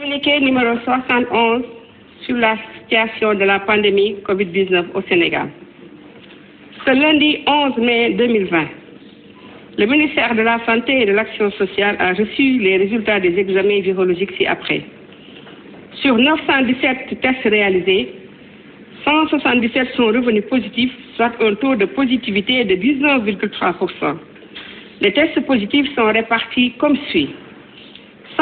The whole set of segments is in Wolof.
Communiqué numéro 71 sur la situation de la pandémie COVID-19 au Sénégal. Ce lundi 11 mai 2020, le ministère de la Santé et de l'Action sociale a reçu les résultats des examens virologiques ci-après. Sur 917 tests réalisés, 177 sont revenus positifs, soit un taux de de 19,3%. Les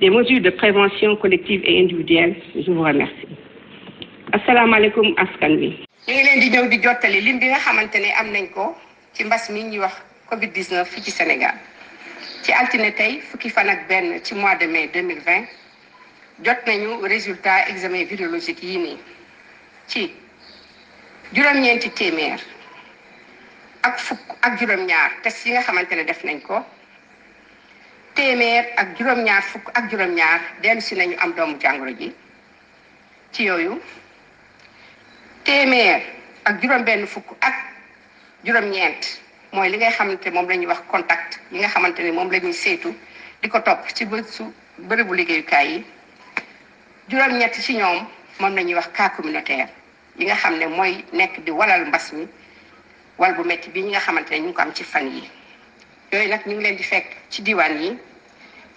des mesures de prévention collective et individuelle je vous remercie asalaamaaleykum askan wi ñu ngi leen di ñëw di jottali lim bi nga xamante ne am nañ ko ci mbas mi ñuy wax covid 19 fii ci Sénégal ci altine tey fukki fan ak benn ci mois de mai 2020 jot nañu résultat examen virologique yii nii ci juróom-ñeenti téeméer ak fukk ak juróom-ñaar test yi nga xamante ne def nañ ko téeméer ak juróom-ñaar fukk ak juróom-ñaar si nañu am doomu jàngoro ji ci yooyu téeméer ak juróom-benn fukk ak juróom-ñeent mooy li ngay xamante moom lañuy wax contact yi nga xamante ne moom la saytu di ko topp ci bësu bërëbu liggéeyukaay yi juróom-ñett ci ñoom moom la wax cas communautaire yi nga xam ne mooy nekk di walal mbas mi wal bu métti bi ñi nga xamante ne ñu ngi ko am ci fan yi yooyu nag ñu ngi leen di fekk ci diwaan yi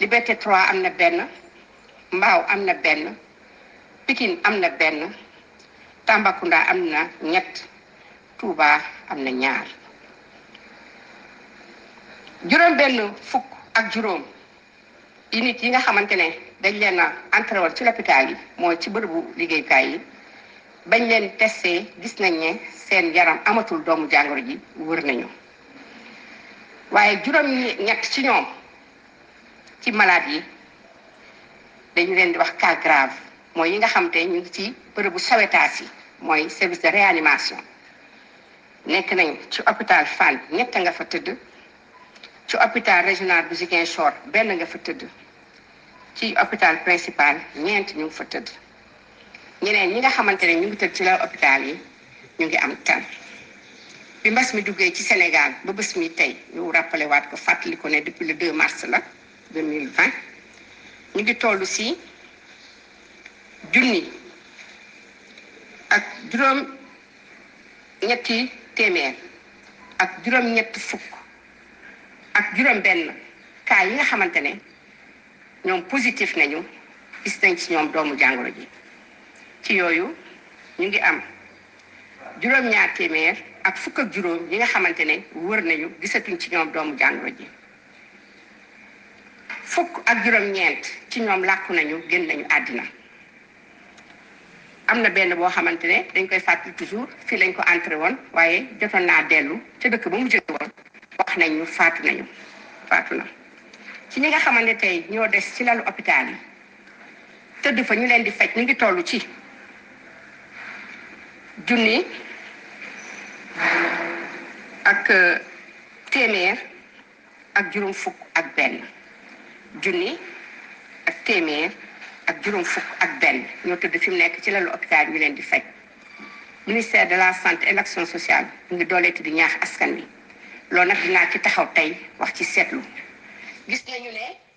Liberté trois am na benn Mbao am na benn Pikine am na benn Tambacounda am na ñett Touba am na ñaar juróom benn fukk ak juróom yi nit yi nga xamante ne dañ leen a entré woon ci l'hôpital yi mooy ci bërëbu liggéeyukaay yi bañ leen testé gis nañ ne seen yaram amatul doomu jàngoro ji wër nañu waaye juróom-ñett ci ñoom ci malaat yi dañu leen di wax cas grave mooy yi nga xam te ñu ngi ci bërëbu sawetaas yi mooy service de réanimation nekk nañ ci hôpital Fann ñett nga fa tëdd ci hôpital régional bu Ziguinchor benn nga fa tëdd ci hôpital principal ñeent ñu ngi fa tëdd ñeneen ñi nga xamante ne ñu ngi tëdd ci la hôpital yi ñu ngi am tan bi mbas mi duggee ci Sénégal ba bés mi tey ñu rappelé waat ko fàttali ne depuis le 2 mars la 2020 ñu ngi tollu si junni ak juróom ñetti téeméer ak juróom ñetti fukk ak juróom benn cas yi nga xamante ne ñoom positif nañu gis nañ ci ñoom doomu jàngoro ji ci yooyu ñu ngi am juróom ñaar téeméer ak fukk ak juróom ñi nga xamante ne wër nañu gisatuñ ci ñoom doomu jàngoro ji fukk ak juróom-ñeent ci ñoom làkku nañu génn nañu àddina am na benn boo xamante ne dañ koy fàttali toujours fii lañ ko entré woon waaye jotoon naa dellu ca dëkk ba mu jóge woon wax nañu faatu nañu faatu na ci ñi nga xamante tey ñoo des ci lalu hôpital yi tëdd fa ñu leen di faj ñu ngi tollu ci junni ak euh, téeméer ak juróom fukk ak benn junni ak téeméer ak juróom fukk ak benn ñoo tëdd fi mu nekk ci lalu hôpital ñu leen di faj ministère de la santé et l'action sociale mu ngi dooleeti di ñaax askan bi loolu nag dinaa ci taxaw tey wax ci seetlu gis nañu ne